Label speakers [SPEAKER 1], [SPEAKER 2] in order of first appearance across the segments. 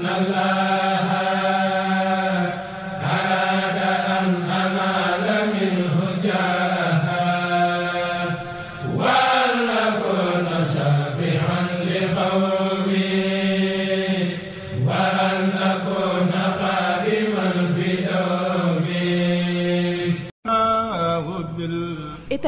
[SPEAKER 1] na la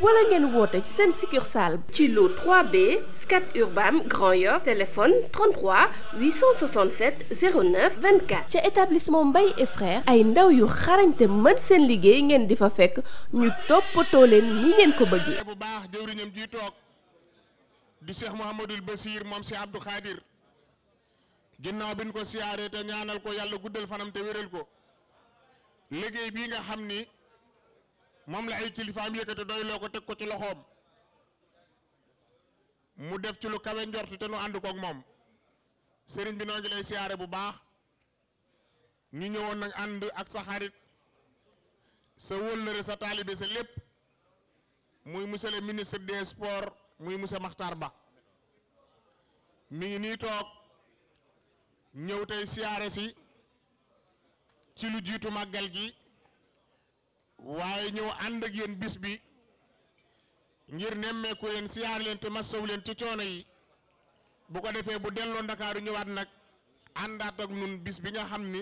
[SPEAKER 2] wala ngeen woote ci seen succursale ci lu 3B Scat Urbam Grand Yoff téléphone 33 867 09 24 ca établissement Mbaye et frères ay ndaw yu xarañte mën seen liggéey ngeen di fa fekk ñu toppatoo leen ni ngeen ko bëggee bu baax jëwriñam ji toog
[SPEAKER 1] di Cheikh Mouhamadoul Bassir moom si Abdou Khadir ginnaaw bi ko siyaaree te ñaanal ko yàlla guddal fanam te wéral ko liggéey bii nga xam ni moom la ay kilifaam yëkkati doy loo ko teg ko ci loxoom mu def ci lu kawe njort te nu ànd koog moom sëriñ bi noo ngi lay siyaare bu baax ñu ñëwoon nag ànd ak sa xarit sa wëllëre sa taalibe sa lépp muy monsieur ministre des sports muy monsieur Makhtar Ba mi ngi nii toog ñëw tey siyaare si ci lu jiitu màggal gi waaye ñëw ànd ak yéen bis bi ngir nemmeeku leen siyaar leen te massaw leen ci coono yi bu ko defee bu delloo ndakaaru ñëwaat nag àndaat ak nun bis bi nga xam ni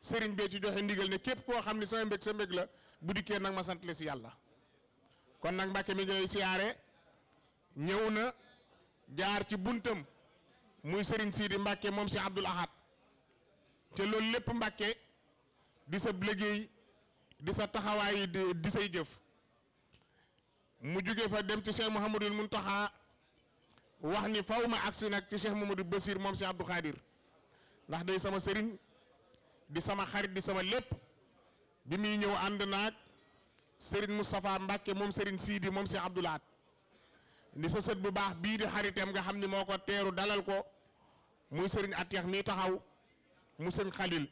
[SPEAKER 1] sëriñ bee ci joxe ndigal ne képp koo xam ni sama mbég sa mbég la bu dikkee nag ma sant la si yàlla kon nag Mbàkke mi ngi siyaare ñëw na jaar ci buntam muy sëriñ Sidi Mbàkke moom si Abdul Ahad te loolu lépp Mbàkke di sa di sa taxawaay di say jëf mu jóge fa dem ci Cheikh Mouhamadul Muntaxa wax ni faw ma agsi nag ci Cheikh Mouhamadou Basir moom si Abdou Khadir ndax day sama sëriñ di sama xarit di sama lépp bi muy ñëw ànd naag Serigne Moustapha Mbacke moom Serigne Sidi moom si Abdou Lahat di sa sët bu baax bii di xaritam nga xam ni moo ko teeru dalal ko muy Serigne Atiex mii taxaw mu seen xalil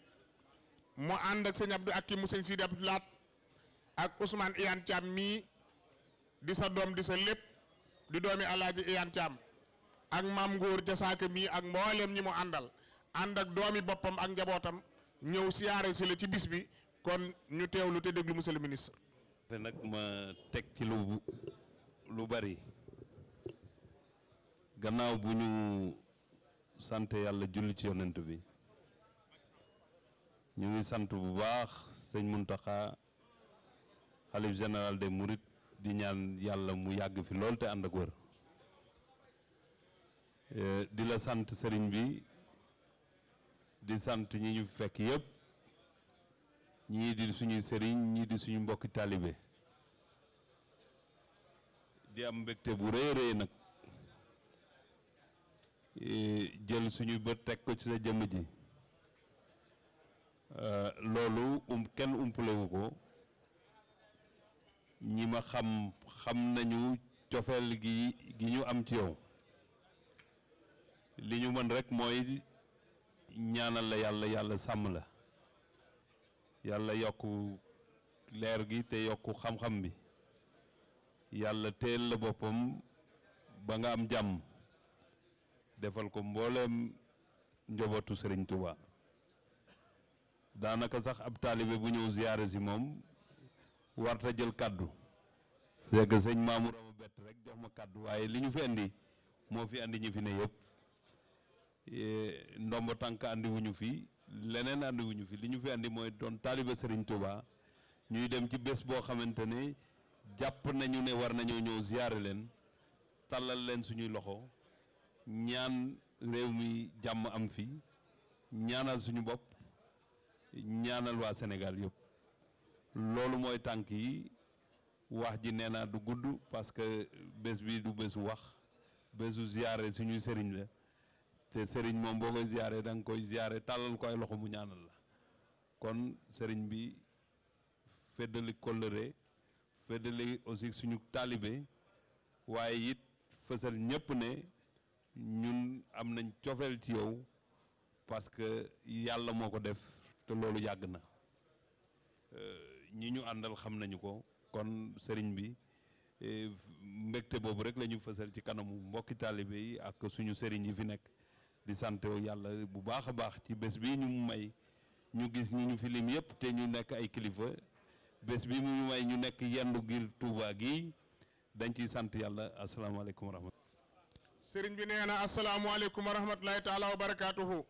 [SPEAKER 1] mu ànd ak sëñ Abdou Akim mu sëñ Sidi Abdou Laat ak Ousmane Iyane Thiam mii di sa doom di sa lépp di doomi Alaaji Iyane Thiam ak maam Ngóor Jasaaka mii ak mboolem ñi mu àndal ànd ak doomi boppam ak njabootam ñëw siyaare si ci bis bi kon ñu lu te déglu monsieur le ministre.
[SPEAKER 3] nag ma teg ci lu lu bari gannaaw bu ñu sant yàlla julli ci yonent bi. ñu ngi sant bu baax sëñ Muntaxa xalif général des murit di ñaan yàlla mu yàgg fi lool te ànd ak wër eh, di la sant sëriñ bi di sant ñi ñu fekk yëpp ñii di suñuy sëriñ ñii di suñu mbokki taalibe di am mbëgte bu rëy rëy nag eh, jël suñu bët teg ko ci sa jëmm ji Euh, loolu um kenn umpalewu ko ñi ma xam xam nañu cofeel gi gi ñu am ci yow li ñu mën rek mooy ñaanal la yàlla yàlla sàmm la yàlla yokk leer gi te yokku xam-xam bi yàlla teel la boppam ba nga am jàmm defal ko mbooleem njobootu Sëriñ Tuubaa daanaka sax ab taalibe bu ñëw ziyaare si moom warta jël kàddu fekk sëñ Mamour ama bett rek jox ma kàddu waaye li ñu fi indi moo fi andi ñu fi ne yëpp ndombo tànk andi wuñu fi leneen andi wuñu fi li ñu fi andi mooy doon taalibe Serigne Touba ñuy dem ci bés boo xamante ne jàpp nañu ne war nañoo ñëw ziyaare leen tàllal leen suñuy loxo ñaan réew mi jàmm am fi ñaanal suñu bopp ñaanal waa Sénégal yëpp loolu mooy tànk yi wax ji nee naa du gudd parce que bés bii du bésu wax bésu ziyaare suñuy sëriñ la te sëriñ moom boo koy ziyaare da nga koy ziyaare tàllal ko ay loxo mu ñaanal la kon sëriñ bi feddali kóllëre feddali aussi suñu taalibe waaye it fësal ñëpp ne ñun am nañ cofeel ci yow parce que yàlla moo ko def te loolu yàgg na euh, ñi ñu àndal xam nañu ko kon sëriñ bi euh, mbégte boobu rek lañu ñu fësal ci kanamu mbokki taalibe yi ak suñu sëriñ yi fi nekk di sant yàlla bu baax a baax ci bés bi ñu may ñu gis ñi ñu fi lim yëpp te ñu nekk ay kilifa bés bi mu ñu may ñu nekk yendu ngir Tuuba gi dañ ciy sant yàlla asalaamaaleykum wa
[SPEAKER 1] wa rahmatulahi taala wa barakaatuhu.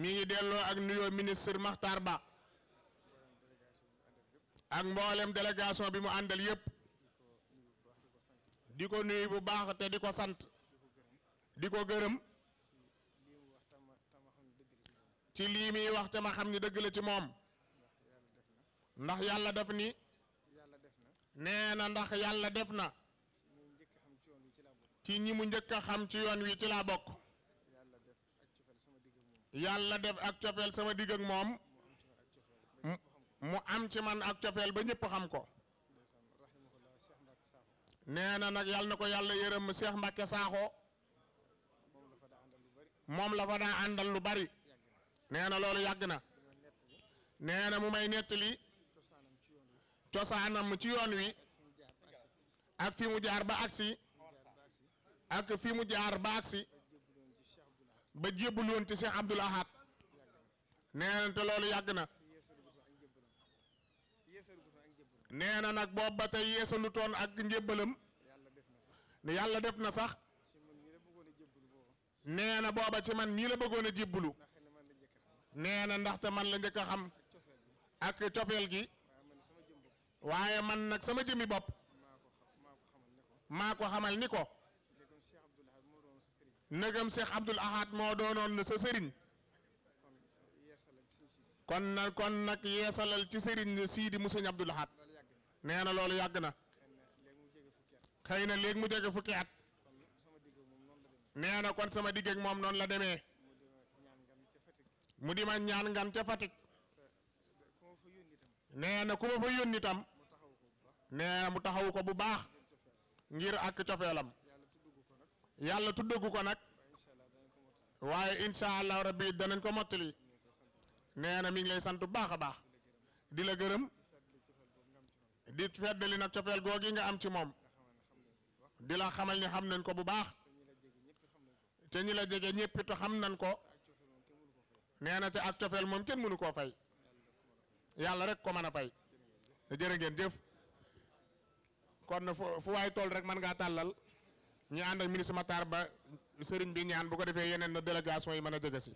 [SPEAKER 1] mi ngi delloo ak nuyoo ministre Makhtar Ba ak mbooleem délégation bi mu àndal yépp di ko nuyu bu baax te di ko sant di ko gërëm ci lii muy wax te ma xam ni dëgg la ci moom ndax yàlla def ni nee na ndax yàlla def na ci ñi mu njëkk a xam ci yoon wi ci laa bokk yàlla def ak cofeel sama digga moom mu am ci man ak cofeel ba ñëpp xam ko nee na nag yàlla na ko yàlla yërëm Cheikh Mbacke Sakho moom la fa daa àndal lu bari nee na loolu yàgg na nee na mu may nettali cosaanam ci yoon wi ak fi mu jaar ba agsi ak fi mu jaar ba agsi ba jébbul woon ci Cheikh Abdoul Ahad nee na te loolu yàgg na nee na nag boobu ba tey yeesalu toon ak njébbalam yàlla def na sax nee na booba ci man ñii la bëggoon a jébbalu nee na ndaxte man la njëkk a xam ak cofeel gi waaye man nag sama jëmi bopp maa ko xamal ni ko nagam Cheikh Abdoul Ahad moo doonoon na sa sëriñ kon na kon nag yeesalal ci sëriñ Sidi mu sëñ Abdoul Ahad nee na loolu yàgg na xëy na léegi mu jege fukki at nee kon sama digg ak moom noonu la demee mu di ma ñaan ngan ca Fatick nee na fa yónni tam mu taxawu ko bu baax ngir ak cofeelam yàlla tuddagu ko nag waaye incha allah rabbi danañ ko mottali nee na lay sant bu baax a baax di la gërëm di feddali nag cofeel googi nga am ci moom di la xamal ni xam nañ ko bu baax te ñi la jege ñëpp te xam nañ ko nee na te ak cofeel moom kenn mënu koo fay yàlla rek ko mën a fay jërë ngeen jëf kon fu waay tool rek mën ngaa tàllal ñu ànd ak ministre Ba sëriñ bi ñaan bu ko defee yeneen délégation yi mën a jege si.